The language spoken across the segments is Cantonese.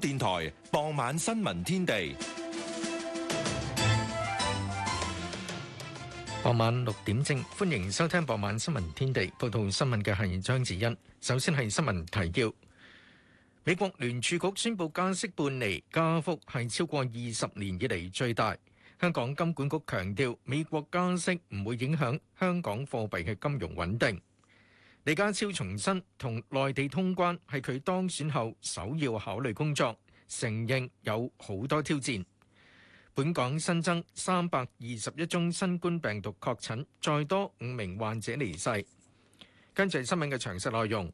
電台傍晚新聞天地，傍晚六點正，歡迎收聽傍晚新聞天地。報道新聞嘅係張子欣。首先係新聞提要：美國聯儲局宣布加息半厘，加幅係超過二十年以嚟最大。香港金管局強調，美國加息唔會影響香港貨幣嘅金融穩定。李家超重申同內地通關係佢當選後首要考慮工作，承認有好多挑戰。本港新增三百二十一宗新冠病毒確診，再多五名患者離世。跟住係新聞嘅詳細內容。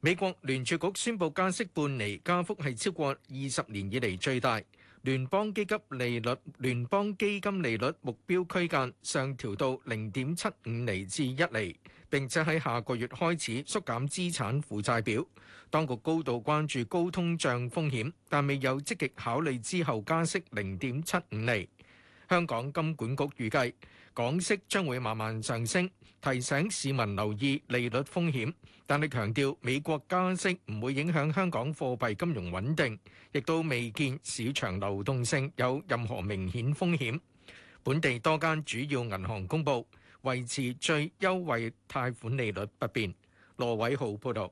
美國聯儲局宣布加息半厘，加幅係超過二十年以嚟最大。聯邦基金利率聯邦基金利率目標區間上調到零點七五厘至一厘。並且喺下個月開始縮減資產負債表。當局高度關注高通脹風險，但未有積極考慮之後加息零點七五釐。香港金管局預計港息將會慢慢上升，提醒市民留意利率風險。但佢強調，美國加息唔會影響香港貨幣金融穩定，亦都未見市場流動性有任何明顯風險。本地多間主要銀行公布，維持最優惠貸款利率不變。羅偉浩報道，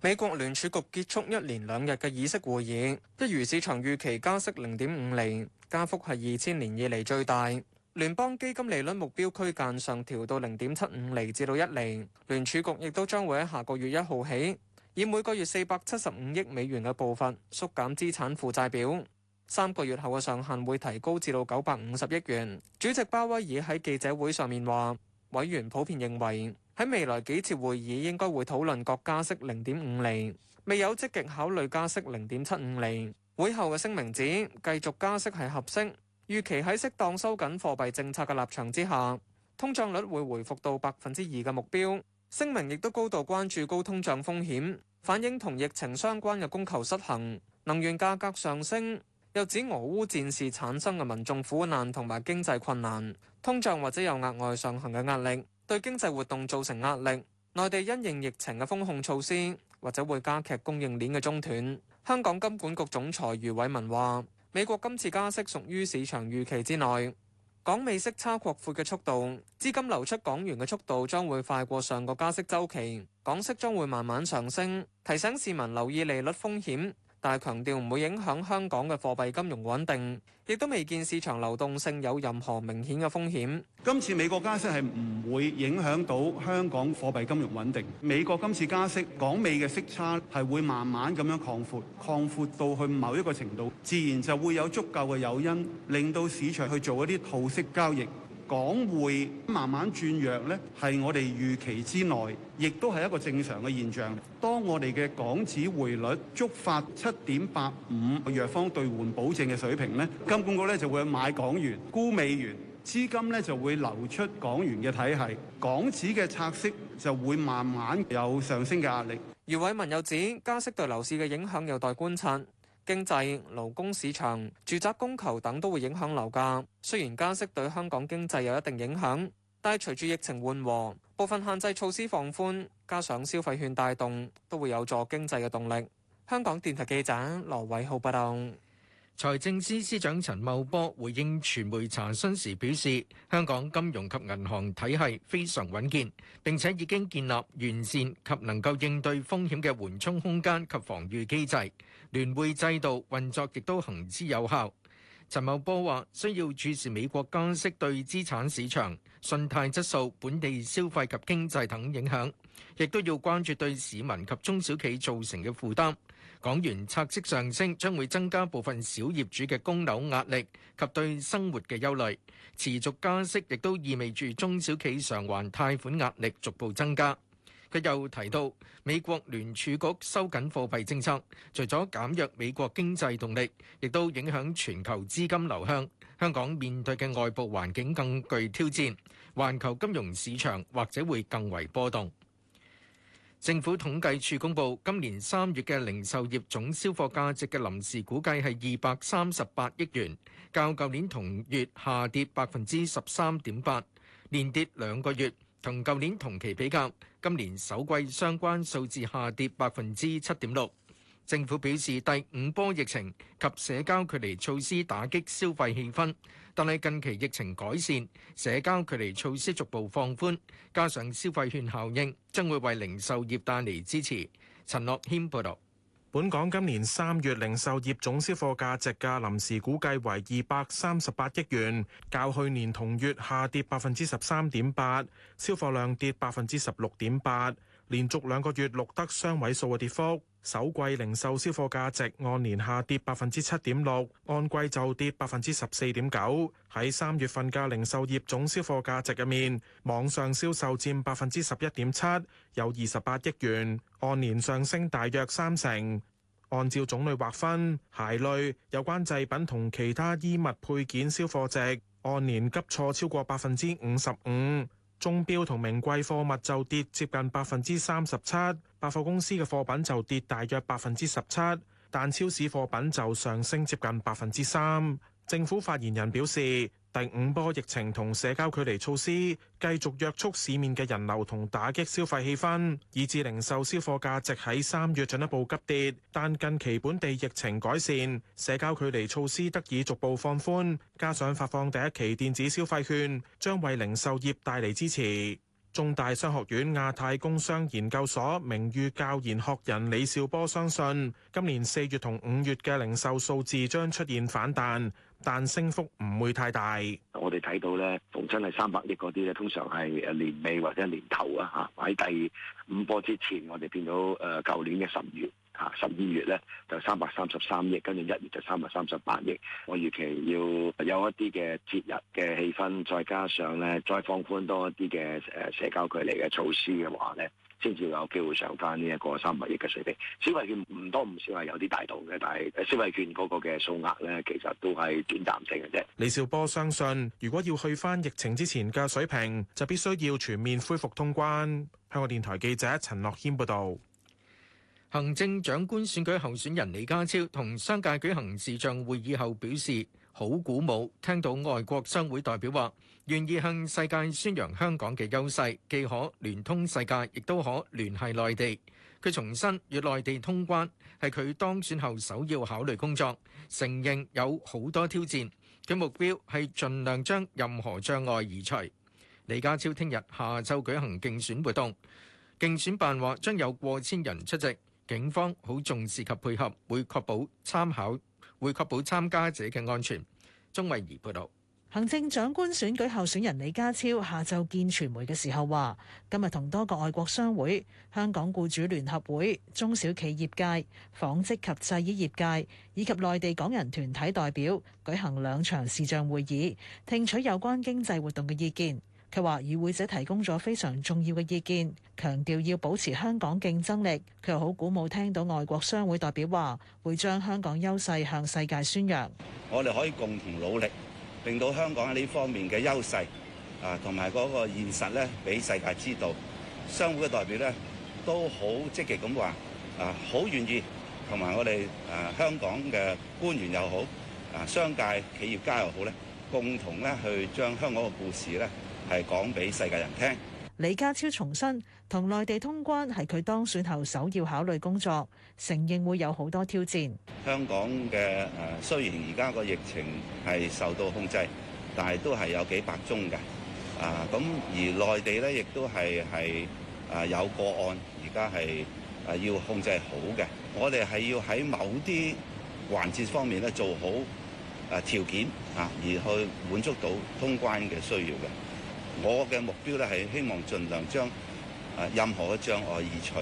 美國聯儲局結束一連兩日嘅議息會議，一如市場預期加息零點五厘，加幅係二千年以嚟最大。聯邦基金利率目標區間上調到零點七五厘至到一厘。聯儲局亦都將會喺下個月一號起，以每個月四百七十五億美元嘅步伐縮減資產負債表。三個月後嘅上限會提高至到九百五十億元。主席鮑威爾喺記者會上面話。委員普遍認為喺未來幾次會議應該會討論各加息零點五厘，未有積極考慮加息零點七五厘。會後嘅聲明指，繼續加息係合適，預期喺適當收緊貨幣政策嘅立場之下，通脹率會回復到百分之二嘅目標。聲明亦都高度關注高通脹風險，反映同疫情相關嘅供求失衡、能源價格上升。又指俄烏戰事產生嘅民眾苦難同埋經濟困難，通脹或者有額外上行嘅壓力，對經濟活動造成壓力。內地因應疫情嘅封控措施，或者會加劇供應鏈嘅中斷。香港金管局總裁余偉文話：美國今次加息屬於市場預期之內，港美息差擴闊嘅速度，資金流出港元嘅速度將會快過上個加息週期，港息將會慢慢上升，提醒市民留意利率風險。但係強調唔會影響香港嘅貨幣金融穩定，亦都未見市場流動性有任何明顯嘅風險。今次美國加息係唔會影響到香港貨幣金融穩定。美國今次加息，港美嘅息差係會慢慢咁樣擴闊，擴闊到去某一個程度，自然就會有足夠嘅誘因，令到市場去做一啲套息交易。港匯慢慢轉弱呢，係我哋預期之內，亦都係一個正常嘅現象。當我哋嘅港紙匯率觸發七點八五弱方兌換保證嘅水平呢，金管局咧就會買港元沽美元，資金咧就會流出港元嘅體系，港紙嘅拆息就會慢慢有上升嘅壓力。余偉文又指，加息對樓市嘅影響有待觀察。經濟、勞工市場、住宅供求等都會影響樓價。雖然加息對香港經濟有一定影響，但係隨住疫情緩和，部分限制措施放寬，加上消費券帶動，都會有助經濟嘅動力。香港電台記者羅偉浩報道。財政司司長陳茂波回應傳媒查詢時表示，香港金融及銀行體系非常穩健，並且已經建立完善及能夠應對風險嘅緩衝空間及防禦機制。聯匯制度運作亦都行之有效。陳茂波話：需要注視美國加息對資產市場、信貸質素、本地消費及經濟等影響，亦都要關注對市民及中小企造成嘅負擔。港元拆息上升將會增加部分小業主嘅供樓壓力及對生活嘅憂慮，持續加息亦都意味住中小企償還貸款壓力逐步增加。佢又提到，美國聯儲局收緊貨幣政策，除咗減弱美國經濟動力，亦都影響全球資金流向，香港面對嘅外部環境更具挑戰，環球金融市場或者會更為波動。政府統計處公布，今年三月嘅零售業總銷貨價值嘅臨時估計係二百三十八億元，較舊年同月下跌百分之十三點八，連跌兩個月，同舊年同期比較，今年首季相關數字下跌百分之七點六。政府表示，第五波疫情及社交距離措施打擊消費氣氛。但係近期疫情改善，社交距離措施逐步放寬，加上消費券效應，將會為零售業帶嚟支持。陳樂謙報導，本港今年三月零售業總銷貨價值嘅臨時估計為二百三十八億元，較去年同月下跌百分之十三點八，銷貨量跌百分之十六點八，連續兩個月錄得雙位數嘅跌幅。首季零售銷貨價值按年下跌百分之七點六，按季就跌百分之十四點九。喺三月份嘅零售業總銷貨價值入面，網上銷售佔百分之十一點七，有二十八億元，按年上升大約三成。按照種類劃分，鞋類、有關製品同其他衣物配件銷貨值按年急挫超過百分之五十五。鐘錶同名貴貨物就跌接近百分之三十七，百貨公司嘅貨品就跌大約百分之十七，但超市貨品就上升接近百分之三。政府發言人表示，第五波疫情同社交距離措施繼續約束市面嘅人流同打擊消費氣氛，以致零售銷貨價值喺三月進一步急跌。但近期本地疫情改善，社交距離措施得以逐步放寬，加上發放第一期電子消費券，將為零售業帶嚟支持。中大商學院亞太工商研究所名譽教研學人李兆波相信，今年四月同五月嘅零售數字將出現反彈，但升幅唔會太大。 我哋睇到咧，逢親係三百億嗰啲咧，通常係誒年尾或者年頭啊吓，喺第五波之前，我哋見到誒舊年嘅十月。啊，十二月咧就三百三十三億，跟住一月就三百三十八億。我預期要有一啲嘅節日嘅氣氛，再加上咧再放寬多一啲嘅誒社交距離嘅措施嘅話咧，先至有機會上翻呢一個三百億嘅水平。消費券唔多唔少係有啲大動嘅，但係消費券嗰個嘅數額咧，其實都係短暫性嘅啫。李兆波相信，如果要去翻疫情之前嘅水平，就必須要全面恢復通關。香港電台記者陳樂軒報導。行政長官選舉候選人李家超同商界舉行視像會議後表示，好鼓舞。聽到外國商會代表話願意向世界宣揚香港嘅優勢，既可聯通世界，亦都可聯繫內地。佢重申與內地通關係佢當選後首要考慮工作，承認有好多挑戰。佢目標係盡量將任何障礙移除。李家超聽日下晝舉行競選活動，競選辦話將有過千人出席。警方好重視及配合，會確保參考，會確保參加者嘅安全。鍾慧儀報導，行政長官選舉候選人李家超下晝見傳媒嘅時候話，今日同多個外國商會、香港僱主聯合會、中小企業界、紡織及製衣業界以及內地港人團體代表舉行兩場視像會議，聽取有關經濟活動嘅意見。佢話與會者提供咗非常重要嘅意見，強調要保持香港競爭力。佢又好鼓舞聽到外國商會代表話，會將香港優勢向世界宣揚。我哋可以共同努力，令到香港喺呢方面嘅優勢啊，同埋嗰個現實咧，俾世界知道。商會嘅代表咧都好積極咁話啊，好願意同埋我哋啊香港嘅官員又好啊商界企業家又好咧，啊，共同咧去將香港嘅故事咧。係講俾世界人聽。李家超重申同內地通關係佢當選後首要考慮工作，承認會有好多挑戰。香港嘅誒，雖然而家個疫情係受到控制，但係都係有幾百宗嘅啊。咁而內地咧，亦都係係啊有個案，而家係啊要控制好嘅。我哋係要喺某啲環節方面咧做好啊條件啊，而去滿足到通關嘅需要嘅。我嘅目標咧係希望盡量將任何嘅障礙移除，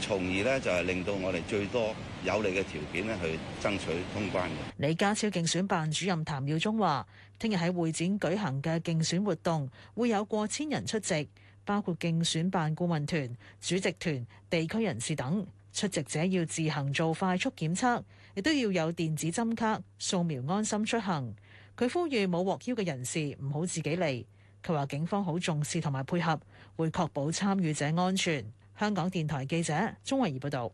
從而咧就係令到我哋最多有利嘅條件咧去爭取通關嘅。李家超競選辦主任譚耀宗話，聽日喺會展舉行嘅競選活動會有過千人出席，包括競選辦顧問團、主席團、地區人士等。出席者要自行做快速檢測，亦都要有電子針卡、掃描安心出行。佢呼籲冇獲邀嘅人士唔好自己嚟。佢話：警方好重視同埋配合，會確保參與者安全。香港電台記者鍾慧儀報導。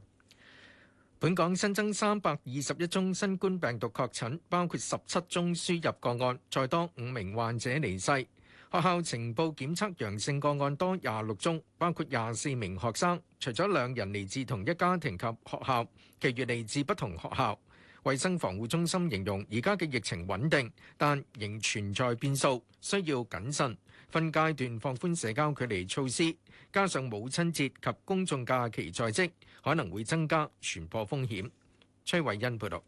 本港新增三百二十一宗新冠病毒確診，包括十七宗輸入個案，再多五名患者離世。學校情報檢測陽性個案多廿六宗，包括廿四名學生，除咗兩人嚟自同一家庭及學校，其餘嚟自不同學校。衛生防護中心形容而家嘅疫情穩定，但仍存在變數，需要謹慎分階段放寬社交距離措施。加上母親節及公眾假期在即，可能會增加傳播風險。崔慧欣報道。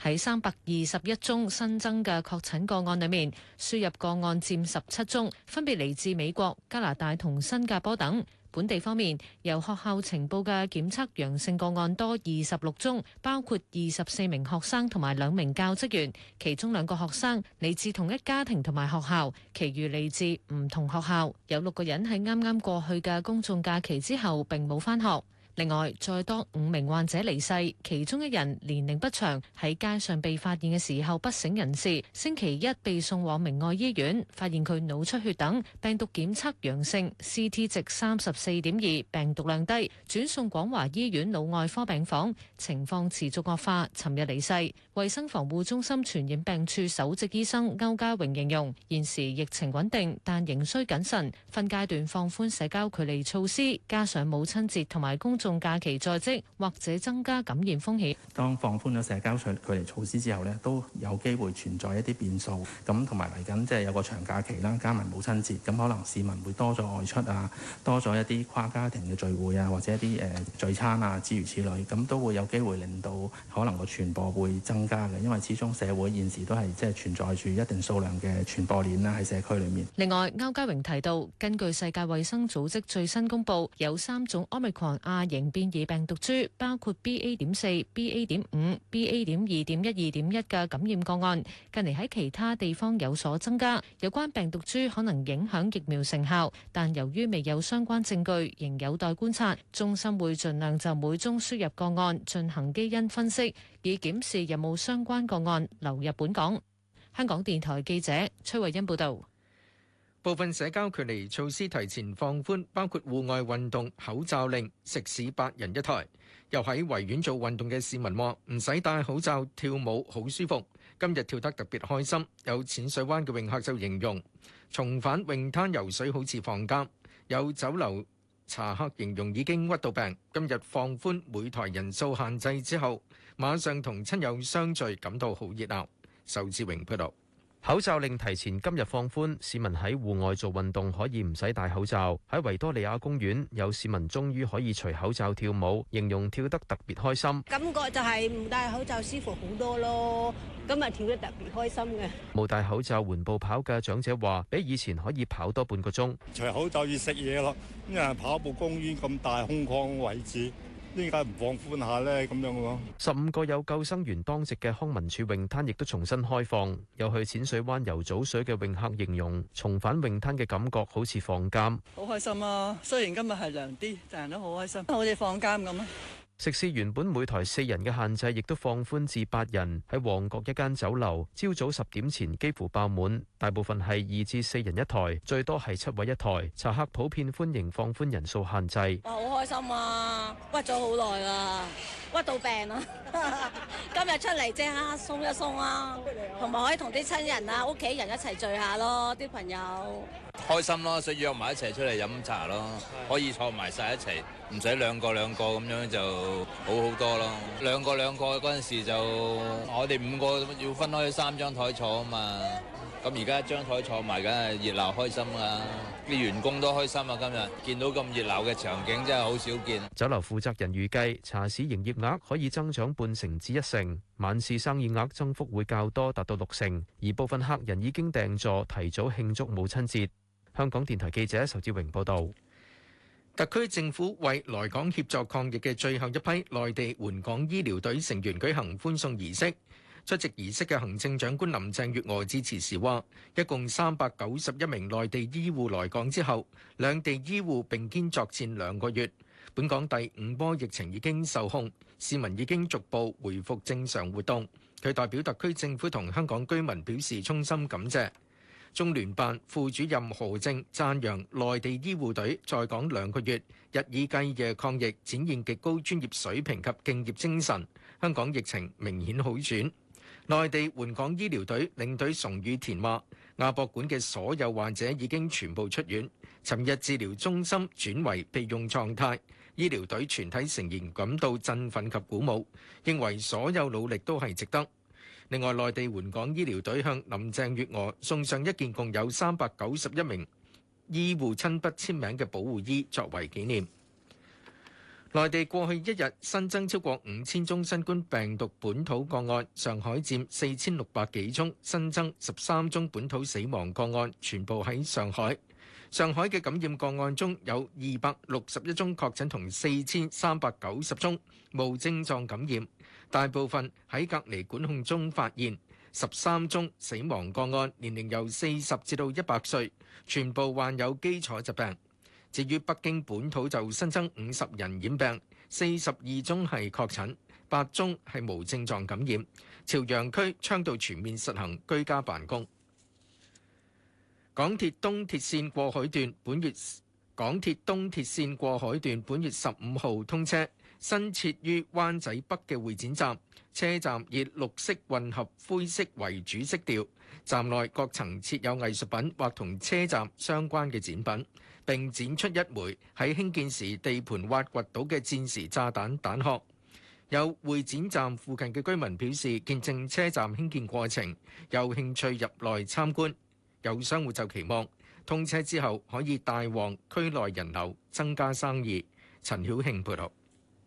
喺三百二十一宗新增嘅確診個案裏面，輸入個案佔十七宗，分別嚟自美國、加拿大同新加坡等。本地方面，由學校呈報嘅檢測陽性個案多二十六宗，包括二十四名學生同埋兩名教職員，其中兩個學生嚟自同一家庭同埋學校，其餘嚟自唔同學校，有六個人喺啱啱過去嘅公眾假期之後並冇返學。另外，再多五名患者離世，其中一人年齡不詳，喺街上被發現嘅時候不省人事，星期一被送往明愛醫院，發現佢腦出血等病毒檢測陽性，CT 值三十四點二，病毒量低，轉送廣華醫院腦外科病房，情況持續惡化，尋日離世。衛生防護中心傳染病處首席醫生歐家榮形容，現時疫情穩定，但仍需謹慎，分階段放寬社交距離措施，加上母親節同埋公眾假期在即或者增加感染風險，當放寬咗社交距距離措施之後咧，都有機會存在一啲變數，咁同埋嚟緊即係有,有個長假期啦，加埋母親節，咁可能市民會多咗外出啊，多咗一啲跨家庭嘅聚會啊，或者一啲誒聚餐啊，諸如此類，咁都會有機會令到可能個傳播會增加嘅。因為始終社會現時都係即係存在住一定數量嘅傳播鏈啦，喺社區裏面。另外，歐嘉榮提到，根據世界衛生組織最新公布，有三種奧密克型變異病毒株包括 BA. 點四、BA. 點五、BA. 點二點一、二點一嘅感染個案，近嚟喺其他地方有所增加。有關病毒株可能影響疫苗成效，但由於未有相關證據，仍有待觀察。中心會盡量就每宗輸入個案進行基因分析，以檢視有冇相關個案流入本港。香港電台記者崔慧欣報道。部分社交距離措施提前放寬，包括戶外運動、口罩令、食肆八人一台。又喺維園做運動嘅市民話：唔使戴口罩跳舞好舒服，今日跳得特別開心。有淺水灣嘅泳客就形容：重返泳灘游水好似放監。有酒樓茶客形容已經屈到病，今日放寬每台人數限制之後，馬上同親友相聚感到好熱鬧。仇志榮披露。口罩令提前今日放寬，市民喺戶外做運動可以唔使戴口罩。喺維多利亞公園有市民終於可以除口罩跳舞，形容跳得特別開心。感覺就係唔戴口罩舒服好多咯，今日跳得特別開心嘅。冇戴口罩緩步跑嘅長者話，比以前可以跑多半個鐘。除口罩要食嘢咯，因為跑步公園咁大空曠位置。點解唔放寬下咧？咁樣喎。十五個有救生員當值嘅康文署泳灘亦都重新開放。有去淺水灣游早水嘅泳客形容，重返泳灘嘅感覺好似放監。好開心啊！雖然今日係涼啲，但係都好開心，好似放監咁啊。食肆原本每台四人嘅限制，亦都放寬至八人。喺旺角一間酒樓，朝早十點前幾乎爆滿，大部分係二至四人一台，最多係七位一台。茶客普遍歡迎放寬人數限制。哇，好開心啊！屈咗好耐啦，屈到病啊。 今日出嚟即刻鬆一鬆啊，同埋可以同啲親人啊、屋企人一齊聚一下咯，啊，啲朋友。開心咯，所以約埋一齊出嚟飲茶咯，可以坐埋晒一齊，唔使兩個兩個咁樣就好好多咯。兩個兩個嗰陣時就我哋五個要分開三張台坐啊嘛，咁而家一張台坐埋，梗係熱鬧開心啦。啲員工都開心啊，今日見到咁熱鬧嘅場景真係好少見。酒樓負責人預計茶市營業額可以增長半成至一成，晚市生意額增幅會較多，達到六成。而部分客人已經訂座提早慶祝母親節。香港電台記者仇志榮報道，特區政府為來港協助抗疫嘅最後一批內地援港醫療隊成員舉行歡送儀式。出席儀式嘅行政長官林鄭月娥致辭時話，一共三百九十一名內地醫護來港之後，兩地醫護並肩作戰兩個月。本港第五波疫情已經受控，市民已經逐步回復正常活動。佢代表特區政府同香港居民表示衷心感謝。中聯辦副主任何靖讚揚內地醫護隊在港兩個月，日以繼夜抗疫，展現極高專業水平及敬業精神，香港疫情明顯好轉。內地援港醫療隊領隊崇宇田話，亞博館嘅所有患者已經全部出院，尋日治療中心轉為備用狀態，醫療隊全體成員感到振奮及鼓舞，認為所有努力都係值得。cin hĩb 另外，內地援港醫療隊向林鄭月娥送上一件共有三百九十一名醫護親筆簽名嘅保護衣作為紀念。內地過去一日新增超過五千宗新冠病毒本土個案，上海佔四千六百幾宗，新增十三宗本土死亡個案，全部喺上海。上海嘅感染個案中有二百六十一宗確診同四千三百九十宗無症狀感染，大部分喺隔離管控中發現。十三宗死亡個案，年齡由四十至到一百歲，全部患有基礎疾病。至於北京本土就新增五十人染病，四十二宗係確診，八宗係無症狀感染。朝陽區倡導全面實行居家辦公。港鐵東鐵線過海段本月，港鐵東鐵線過海段本月十五號通車，新設於灣仔北嘅會展站，車站以綠色混合灰色為主色調，站內各層設有藝術品或同車站相關嘅展品，並展出一枚喺興建時地盤挖掘到嘅戰時炸彈彈殼。有會展站附近嘅居民表示見證車站興建過程，有興趣入內參觀。有商戶就期望通車之後可以帶旺區內人流，增加生意。陳曉慶報導，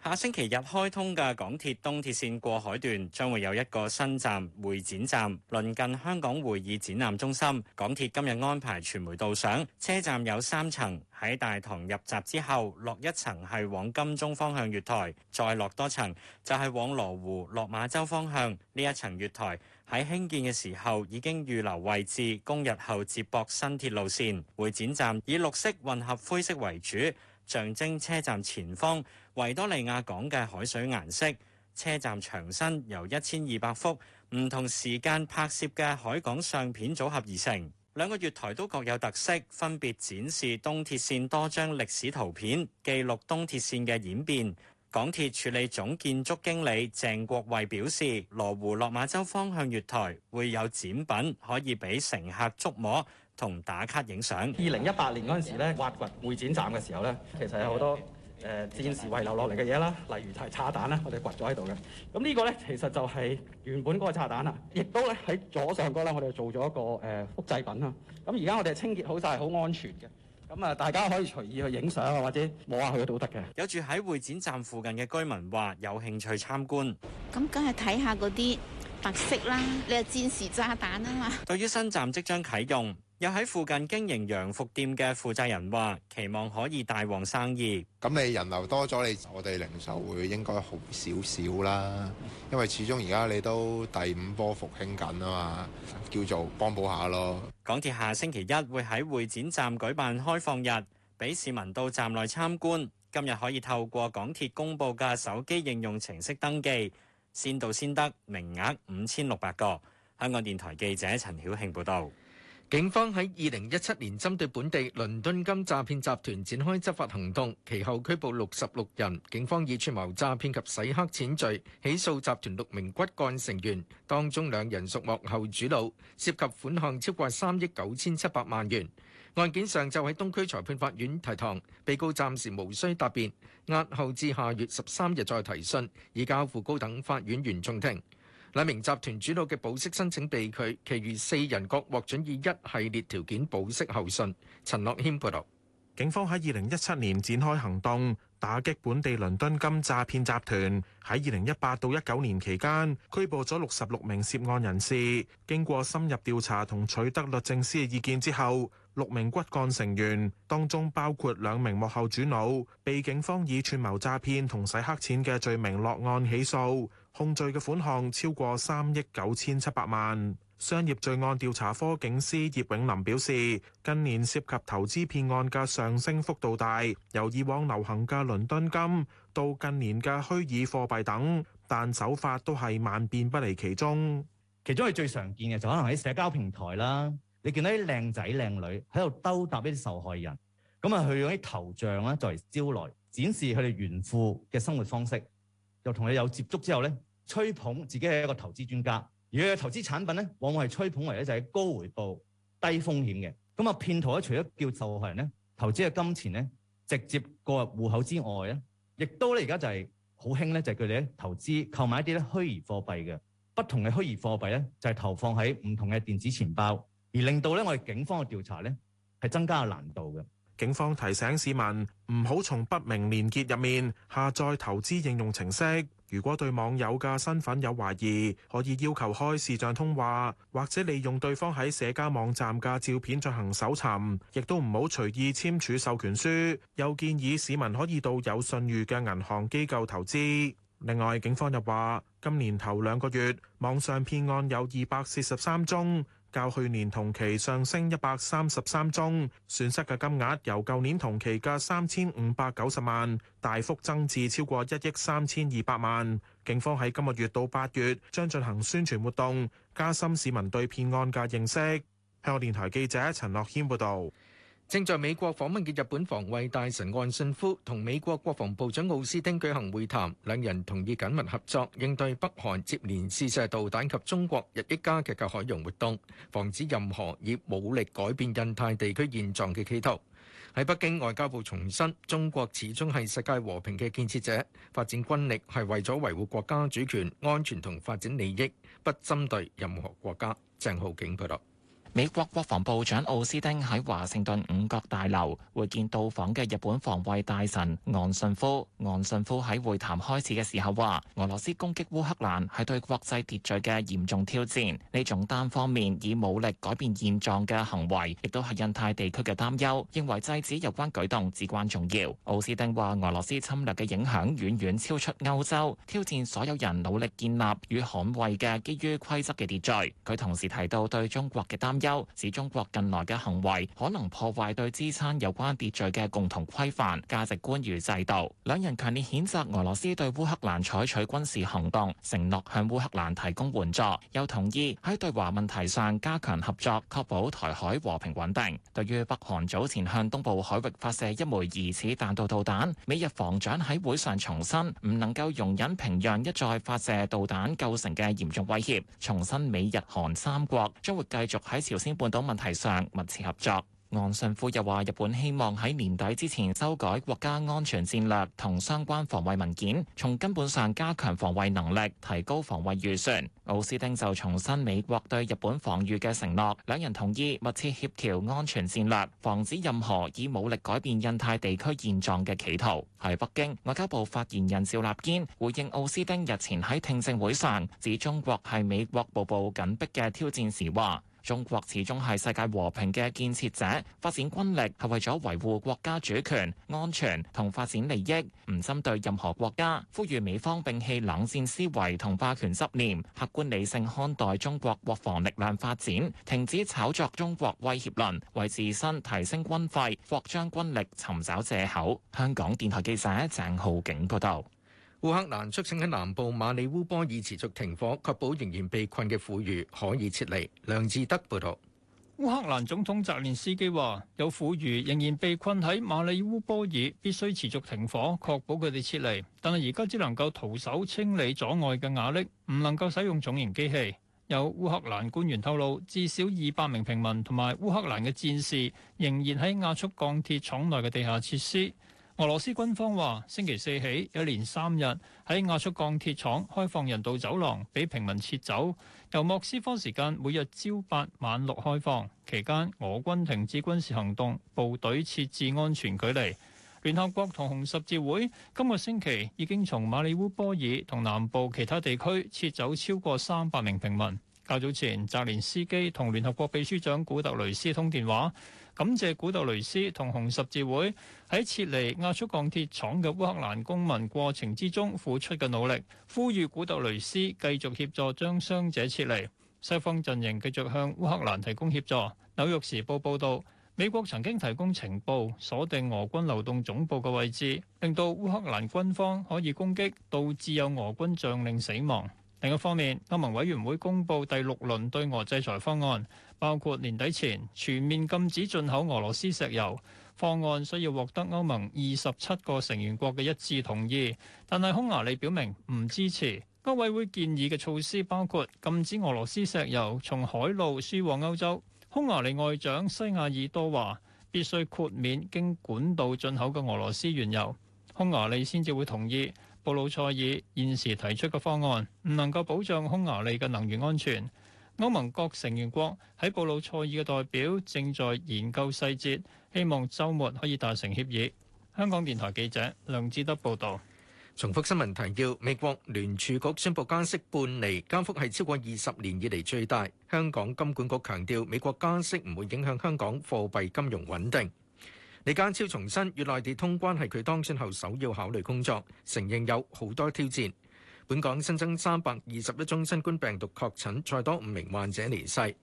下星期日開通嘅港鐵東鐵線過海段將會有一個新站——會展站，鄰近香港會議展覽中心。港鐵今日安排傳媒導賞，車站有三層，喺大堂入閘之後落一層係往金鐘方向月台，再落多層就係往羅湖、落馬洲方向呢一層月台。喺興建嘅時候已經預留位置，供日後接駁新鐵路線。會展站以綠色混合灰色為主，象徵車站前方維多利亞港嘅海水顏色。車站牆身由一千二百幅唔同時間拍攝嘅海港相片組合而成。兩個月台都各有特色，分別展示東鐵線多張歷史圖片，記錄東鐵線嘅演變。港鐵處理總建築經理鄭國衛表示，羅湖落馬洲方向月台會有展品可以俾乘客觸摸同打卡影相。二零一八年嗰陣時咧，挖掘會展站嘅時候咧，其實有好多誒戰時遺留落嚟嘅嘢啦，例如係炸彈啦，我哋掘咗喺度嘅。咁呢個咧，其實就係原本嗰個炸彈啦，亦都咧喺左上角啦，我哋做咗一個誒、呃、複製品啦。咁而家我哋清潔好晒，好安全嘅。咁啊，大家可以隨意去影相啊，或者摸下佢都得嘅。有住喺會展站附近嘅居民話：有興趣參觀，咁梗係睇下嗰啲特色啦。你係戰時炸彈啊嘛！對於新站即將啟用。有喺附近經營洋服店嘅負責人話，期望可以大旺生意。咁你人流多咗，你我哋零售會應該好少少啦。因為始終而家你都第五波復興緊啊嘛，叫做幫補下咯。港鐵下星期一會喺會展站舉辦開放日，俾市民到站內參觀。今日可以透過港鐵公布嘅手機應用程式登記，先到先得，名額五千六百個。香港電台記者陳曉慶報道。警方喺二零一七年針對本地倫敦金詐騙集團展開執法行動，其後拘捕六十六人。警方以串謀詐騙及洗黑錢罪起訴集團六名骨幹成員，當中兩人屬幕後主腦，涉及款項超過三億九千七百萬元。案件上晝喺東區裁判法院提堂，被告暫時無需答辯，押後至下月十三日再提訊，已交付高等法院原訟庭。兩名集團主腦嘅保釋申請被拒，其餘四人各獲准以一系列條件保釋候訊。陳樂謙報導，警方喺二零一七年展開行動，打擊本地倫敦金詐騙集團。喺二零一八到一九年期間，拘捕咗六十六名涉案人士。經過深入調查同取得律政司嘅意見之後，六名骨幹成員，當中包括兩名幕後主腦，被警方以串謀詐騙同洗黑錢嘅罪名落案起訴。控罪嘅款項超過三億九千七百萬。商業罪案調查科警司葉永林表示，近年涉及投資騙案嘅上升幅度大，由以往流行嘅倫敦金，到近年嘅虛擬貨幣等，但手法都係萬變不離其宗。其中係最常見嘅就可能喺社交平台啦，你見到啲靚仔靚女喺度兜搭啲受害人，咁啊去用啲頭像啦作為招來，展示佢哋炫富嘅生活方式。就同你有接觸之後咧，吹捧自己係一個投資專家。而佢嘅投資產品咧，往往係吹捧為咧就係、是、高回報、低風險嘅。咁啊，騙徒咧除咗叫受害人咧投資嘅金錢咧直接過入戶口之外咧，亦都咧而家就係好興咧就係叫你咧投資購買一啲咧虛擬貨幣嘅。不同嘅虛擬貨幣咧就係、是、投放喺唔同嘅電子錢包，而令到咧我哋警方嘅調查咧係增加個難度嘅。警方提醒市民唔好從不明連結入面下載投資應用程式。如果對網友嘅身份有懷疑，可以要求開視像通話或者利用對方喺社交網站嘅照片進行搜尋，亦都唔好隨意簽署授權書，又建議市民可以到有信譽嘅銀行機構投資，另外，警方又話今年頭兩個月網上騙案有二百四十三宗。較去年同期上升一百三十三宗，損失嘅金額由舊年同期嘅三千五百九十萬大幅增至超過一億三千二百萬。警方喺今個月到八月將進行宣傳活動，加深市民對騙案嘅認識。香港電台記者陳樂謙報道。正在美國訪問嘅日本防衛大臣岸信夫，同美國國防部長奧斯汀舉行會談，兩人同意緊密合作，應對北韓接連試射導彈及中國日益加劇嘅海洋活動，防止任何以武力改變印太地區現狀嘅企圖。喺北京，外交部重申，中國始終係世界和平嘅建設者，發展軍力係為咗維護國家主權、安全同發展利益，不針對任何國家。鄭浩景報道。美國國防部長奧斯汀喺華盛頓五角大樓會見到訪嘅日本防衛大臣岸信夫。岸信夫喺會談開始嘅時候話：俄羅斯攻擊烏克蘭係對國際秩序嘅嚴重挑戰，呢種單方面以武力改變現狀嘅行為，亦都係印太地區嘅擔憂，認為制止有關舉動至關重要。奧斯汀話：俄羅斯侵略嘅影響遠遠超出歐洲，挑戰所有人努力建立與捍衛嘅基於規則嘅秩序。佢同時提到對中國嘅擔憂。使中國近來嘅行為可能破壞對支撐有關秩序嘅共同規範、價值觀與制度。兩人強烈譴責俄羅斯對烏克蘭採取軍事行動，承諾向烏克蘭提供援助，又同意喺對華問題上加強合作，確保台海和平穩定。對於北韓早前向東部海域發射一枚疑似彈道導彈，美日防長喺會上重申唔能夠容忍平壤一再發射導彈構成嘅嚴重威脅，重申美日韓三國將會繼續喺先半島問題上密切合作。岸信夫又話日本希望喺年底之前修改國家安全戰略同相關防衛文件，從根本上加強防衛能力，提高防衛預算。奧斯汀就重申美國對日本防禦嘅承諾，兩人同意密切協調安全戰略，防止任何以武力改變印太地區現狀嘅企圖，喺北京，外交部發言人趙立堅回應奧斯汀日前喺聽證會上指中國係美國步步緊逼嘅挑戰時話。中國始終係世界和平嘅建設者，發展軍力係為咗維護國家主權、安全同發展利益，唔針對任何國家。呼籲美方摒棄冷戰思維同霸權執念，客觀理性看待中國國防力量發展，停止炒作中國威脅論，為自身提升軍費、擴張軍力尋找藉口。香港電台記者鄭浩景報道。烏克蘭促請喺南部馬里烏波爾持續停火，確保仍然被困嘅婦孺可以撤離。梁志德報道。烏克蘭總統澤連斯基話：有婦孺仍然被困喺馬里烏波爾，必須持續停火，確保佢哋撤離。但係而家只能夠徒手清理阻礙嘅瓦礫，唔能夠使用重型機器。有烏克蘭官員透露，至少二百名平民同埋烏克蘭嘅戰士仍然喺亞速鋼鐵廠內嘅地下設施。俄羅斯軍方話：星期四起，一連三日喺亞速鋼鐵廠開放人道走廊，俾平民撤走。由莫斯科時間每日朝八晚六開放，期間俄軍停止軍事行動，部隊設置安全距離。聯合國同紅十字會今個星期已經從馬里烏波爾同南部其他地區撤走超過三百名平民。較早前，澤連斯基同聯合國秘書長古特雷斯通電話。感謝古特雷斯同紅十字會喺撤離亞速鋼鐵廠嘅烏克蘭公民過程之中付出嘅努力，呼籲古特雷斯繼續協助將傷者撤離。西方陣營繼續向烏克蘭提供協助。紐約時報報道，美國曾經提供情報鎖定俄軍流動總部嘅位置，令到烏克蘭軍方可以攻擊，導致有俄軍將領死亡。另一方面，歐盟委員會公佈第六輪對俄制裁方案。包括年底前全面禁止進口俄羅斯石油方案，需要獲得歐盟二十七個成員國嘅一致同意。但係匈牙利表明唔支持歐委會建議嘅措施，包括禁止俄羅斯石油從海路輸往歐洲。匈牙利外長西亞爾多話必須豁免經管道進口嘅俄羅斯原油，匈牙利先至會同意。布魯塞爾現時提出嘅方案唔能夠保障匈牙利嘅能源安全。歐盟各成員國喺布魯塞爾嘅代表正在研究細節，希望週末可以達成協議。香港電台記者梁志德報道。重複新聞提要：美國聯儲局宣布加息半釐，加幅係超過二十年以嚟最大。香港金管局強調，美國加息唔會影響香港貨幣金融穩定。李家超重申，與內地通關係佢當選後首要考慮工作，承認有好多挑戰。本港新增三百二十一宗新冠病毒確診，再多五名患者離世。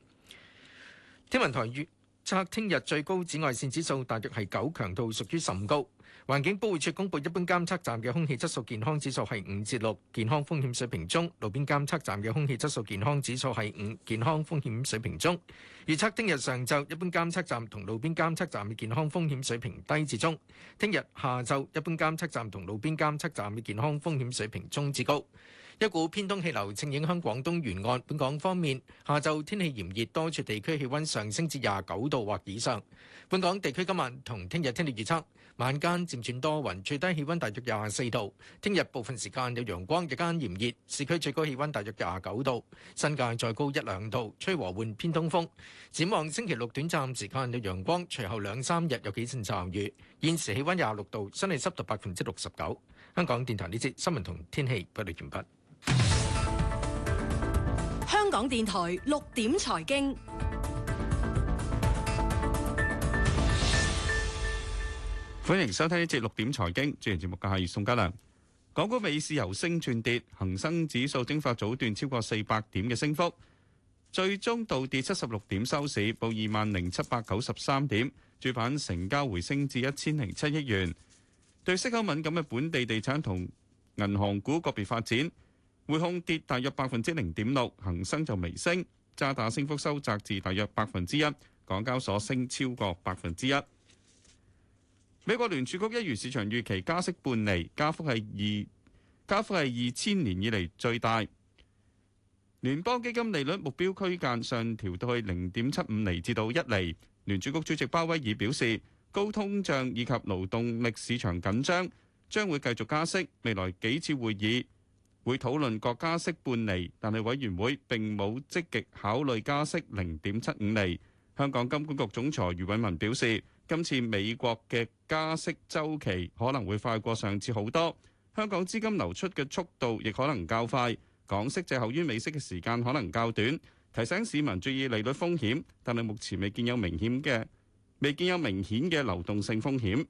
天文台預測，聽日最高紫外線指數大約係九，強度屬於甚高。環境保護署公佈一般監測站嘅空氣質素健康指數係五至六，健康風險水平中；路邊監測站嘅空氣質素健康指數係五，健康風險水平中。預測聽日上晝一般監測站同路邊監測站嘅健康風險水平低至中；聽日下晝一般監測站同路邊監測站嘅健康風險水平中至高。一股偏東氣流正影響廣東沿岸，本港方面下晝天氣炎熱，多處地區氣温上升至廿九度或以上。本港地區今晚同聽日天氣預測。晚間漸轉多雲，最低氣温大約廿四度。聽日部分時間有陽光，日間炎熱，市區最高氣温大約廿九度，新界再高一兩度，吹和緩偏東風。展望星期六短暫時間有陽光，隨後兩三日有幾陣驟雨。現時氣温廿六度，相對濕度百分之六十九。香港電台呢節新聞同天氣報告完畢。香港電台六點財經。歡迎收聽呢節六點財經，主持節目嘅係宋嘉良。港股尾市由升轉跌，恒生指數蒸發早段超過四百點嘅升幅，最終倒跌七十六點收市，報二萬零七百九十三點。主板成交回升至一千零七億元。對息口敏感嘅本地地產同銀行股個別發展，匯控跌大約百分之零點六，恒生就微升，渣打升幅收窄至大約百分之一，港交所升超過百分之一。美國聯儲局一如市場預期加息半釐，加幅係二加幅係二千年以嚟最大。聯邦基金利率目標區間上調到去零點七五釐至到一釐。聯儲局主席鮑威爾表示，高通脹以及勞動力市場緊張，將會繼續加息。未來幾次會議會討論各加息半釐，但係委員會並冇積極考慮加息零點七五釐。香港金管局總裁余偉文表示。今次美國嘅加息周期可能會快過上次好多，香港資金流出嘅速度亦可能較快，港息滯後於美息嘅時間可能較短，提醒市民注意利率風險，但係目前未見有明顯嘅未見有明顯嘅流動性風險。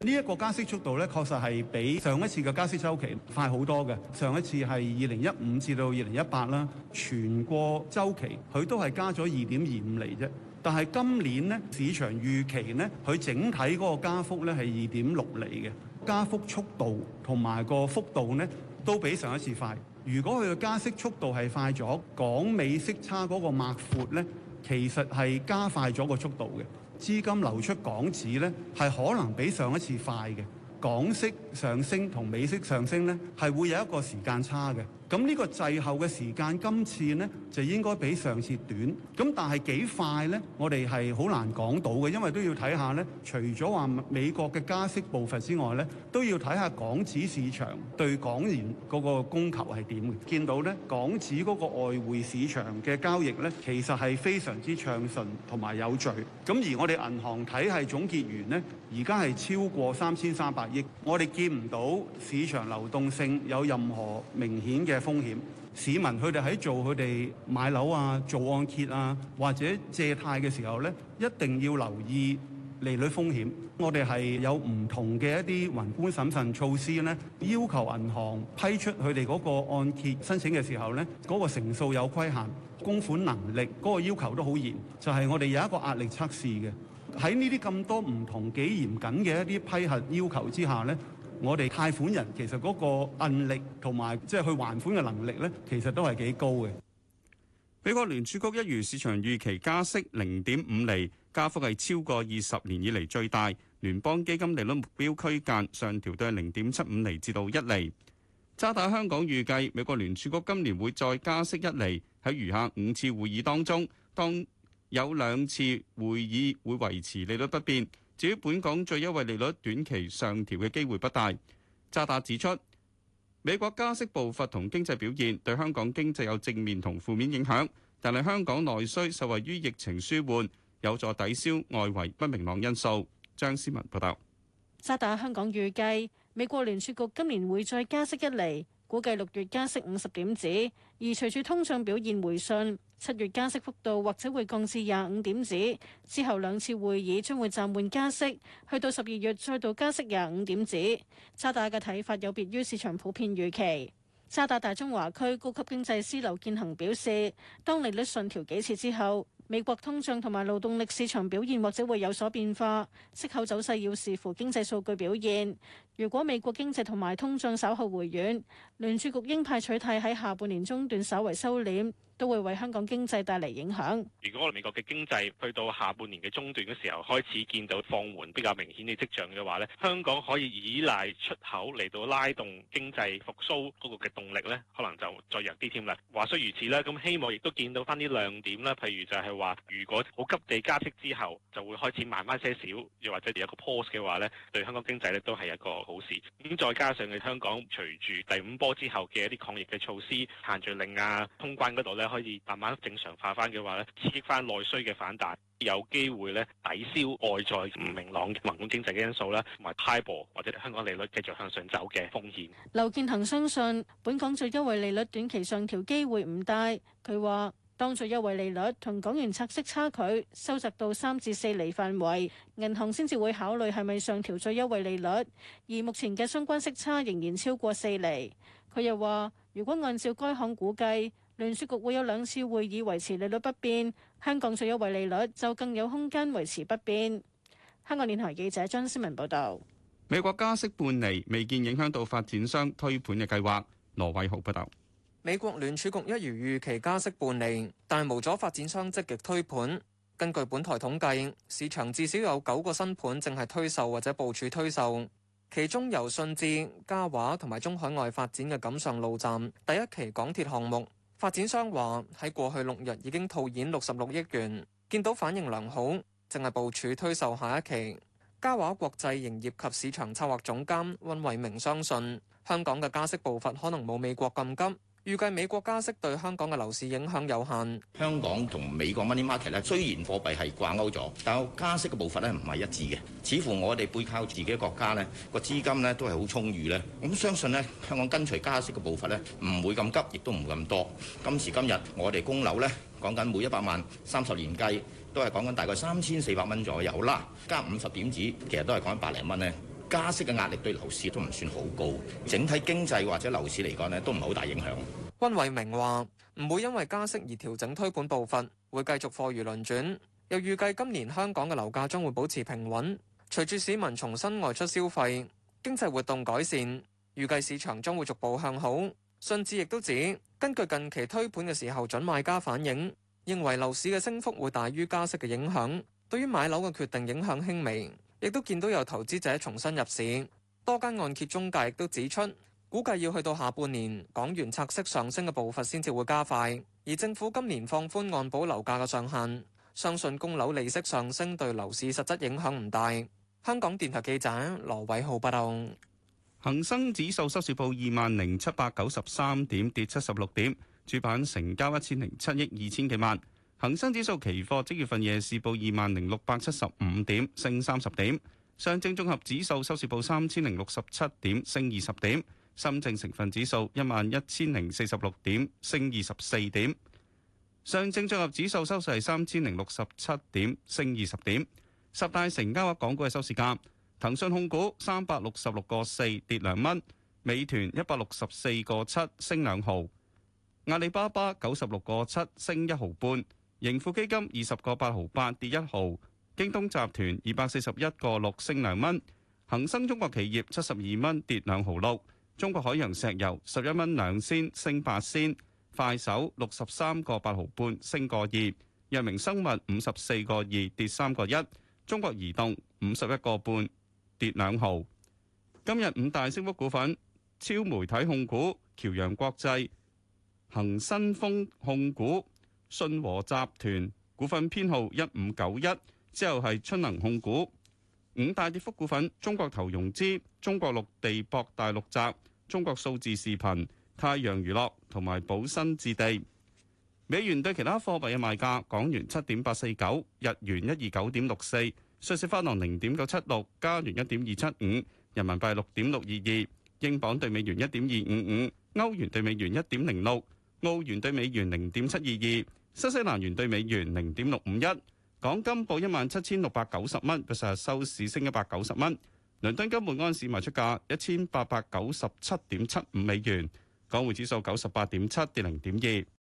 呢一個加息速度咧，確實係比上一次嘅加息周期快好多嘅。上一次係二零一五至到二零一八啦，全個周期佢都係加咗二點二五厘。啫。但係今年咧，市場預期咧，佢整體嗰個加幅咧係二點六厘嘅，加幅速度同埋個幅度咧都比上一次快。如果佢嘅加息速度係快咗，港美息差嗰個脈闊咧，其實係加快咗個速度嘅，資金流出港紙咧係可能比上一次快嘅，港息上升同美息上升咧係會有一個時間差嘅。咁呢個滯後嘅時間今次咧就應該比上次短。咁但係幾快咧？我哋係好難講到嘅，因為都要睇下咧。除咗話美國嘅加息步伐之外咧，都要睇下港紙市場對港元嗰個供求係點嘅。見到咧，港紙嗰個外匯市場嘅交易咧，其實係非常之暢順同埋有序。咁而我哋銀行體系總結完咧，而家係超過三千三百億，我哋見唔到市場流動性有任何明顯嘅風險，市民佢哋喺做佢哋買樓啊、做按揭啊，或者借貸嘅時候呢，一定要留意利率風險。我哋係有唔同嘅一啲宏觀審慎措施呢，要求銀行批出佢哋嗰個按揭申請嘅時候呢，嗰、那個成數有規限，供款能力嗰個要求都好嚴，就係、是、我哋有一個壓力測試嘅。喺呢啲咁多唔同幾嚴謹嘅一啲批核要求之下呢。我哋貸款人其實嗰個韌力同埋即係去還款嘅能力呢，其實都係幾高嘅。美國聯儲局一如市場預期加息零點五厘，加幅係超過二十年以嚟最大。聯邦基金利率目標區間上調都係零點七五厘至到一厘。渣打香港預計美國聯儲局今年會再加息一厘，喺餘下五次會議當中，當有兩次會議會維持利率不變。至於本港最優惠利率短期上調嘅機會不大，渣打指出，美國加息步伐同經濟表現對香港經濟有正面同負面影響，但係香港內需受惠於疫情舒緩，有助抵消外圍不明朗因素。張思文報道。渣打香港預計美國聯儲局今年會再加息一厘，估計六月加息五十點子。而隨住通脹表現回信，七月加息幅度或者會降至廿五點子，之後兩次會議將會暫緩加息，去到十二月再度加息廿五點子。渣打嘅睇法有別於市場普遍預期。渣打大中華區高級經濟師劉建恒表示，當利率上調幾次之後，美國通脹同埋勞動力市場表現或者會有所變化，息口走勢要視乎經濟數據表現。如果美國經濟同埋通脹稍後回軟，聯儲局鷹派取態喺下半年中段稍為收斂，都會為香港經濟帶嚟影響。如果美國嘅經濟去到下半年嘅中段嘅時候開始見到放緩比較明顯嘅跡象嘅話咧，香港可以依賴出口嚟到拉動經濟復甦嗰個嘅動力咧，可能就再弱啲添啦。話雖如此啦，咁希望亦都見到返啲亮點啦，譬如就係話，如果好急地加息之後就會開始慢慢些少，又或者有個 pause 嘅話咧，對香港經濟咧都係一個好事咁，再加上嘅香港，隨住第五波之後嘅一啲抗疫嘅措施、限聚令啊、通關嗰度咧，可以慢慢正常化翻嘅話咧，刺激翻內需嘅反彈，有機會咧抵消外在唔明朗嘅宏觀經濟嘅因素咧，同埋 HIBOR 或者香港利率繼續向上走嘅風險。劉建恒相信本港最優惠利率短期上調機會唔大，佢話。當最優惠利率同港元拆息差距收窄到三至四厘範圍，銀行先至會考慮係咪上調最優惠利率。而目前嘅相關息差仍然超過四厘。佢又話：如果按照該行估計，聯儲局會有兩次會議維持利率不變，香港最優惠利率就更有空間維持不變。香港電台記者張思文報道，美國加息半厘未見影響到發展商推盤嘅計劃。羅偉豪報導。美國聯儲局一如預期加息半釐，但係無阻發展商積極推盤。根據本台統計，市場至少有九個新盤正係推售或者部署推售。其中由信置、嘉華同埋中海外發展嘅錦上路站第一期港鐵項目，發展商話喺過去六日已經套現六十六億元，見到反應良好，正係部署推售下一期。嘉華國際營業及市場策劃總監温偉明相信，香港嘅加息步伐可能冇美國咁急。預計美國加息對香港嘅樓市影響有限。香港同美國 money market 咧，雖然貨幣係掛鈎咗，但係加息嘅步伐咧唔係一致嘅。似乎我哋背靠自己國家咧，個資金咧都係好充裕咧。咁、嗯、相信咧，香港跟隨加息嘅步伐咧，唔會咁急，亦都唔會咁多。今時今日，我哋供樓咧，講緊每一百萬三十年計，都係講緊大概三千四百蚊左右啦，加五十點子，其實都係講緊百零蚊咧。加息嘅壓力對樓市都唔算好高，整體經濟或者樓市嚟講呢，都唔係好大影響。溫偉明話：唔會因為加息而調整推盤步伐，會繼續貨如輪轉。又預計今年香港嘅樓價將會保持平穩。隨住市民重新外出消費，經濟活動改善，預計市場將會逐步向好。信置亦都指，根據近期推盤嘅時候準買家反映，認為樓市嘅升幅會大於加息嘅影響，對於買樓嘅決定影響輕微。亦都見到有投資者重新入市，多間按揭中介亦都指出，估計要去到下半年港元拆息上升嘅步伐先至會加快。而政府今年放寬按保樓價嘅上限，相信供樓利息上升對樓市實質影響唔大。香港電台記者羅偉浩報道，恒生指數收市報二萬零七百九十三點，跌七十六點，主板成交一千零七億二千幾萬。恒生指數期貨即月份夜市報二萬零六百七十五點，升三十點。上證綜合指數收市報三千零六十七點，升二十點。深證成分指數一萬一千零四十六點，升二十四點。上證綜合指數收市係三千零六十七點，升二十點。十大成交額港股嘅收市價：騰訊控股三百六十六個四跌兩蚊，美團一百六十四個七升兩毫，阿里巴巴九十六個七升一毫半。盈富基金二十個八毫八跌一毫，京東集團二百四十一個六升兩蚊，恒生中國企業七十二蚊跌兩毫六，中國海洋石油十一蚊兩仙升八仙，快手六十三個八毫半升個二，藥明生物五十四個二跌三個一，中國移動五十一個半跌兩毫。今日五大升幅股份：超媒體控股、僑洋國際、恒新豐控股。信和集團股份編號一五九一，之後係春能控股，五大跌幅股份：中國投融資、中國陸地博、大陸集、中國數字視頻、太陽娛樂同埋寶新置地。美元對其他貨幣嘅賣價：港元七點八四九，日元一二九點六四，瑞士法郎零點九七六，加元一點二七五，人民幣六點六二二，英鎊對美元一點二五五，歐元對美元一點零六，澳元對美元零點七二二。新西蘭元兌美元零點六五一，港金報一萬七千六百九十蚊，比上日收市升一百九十蚊。倫敦金每安士賣出價一千八百九十七點七五美元，港匯指數九十八點七跌零點二。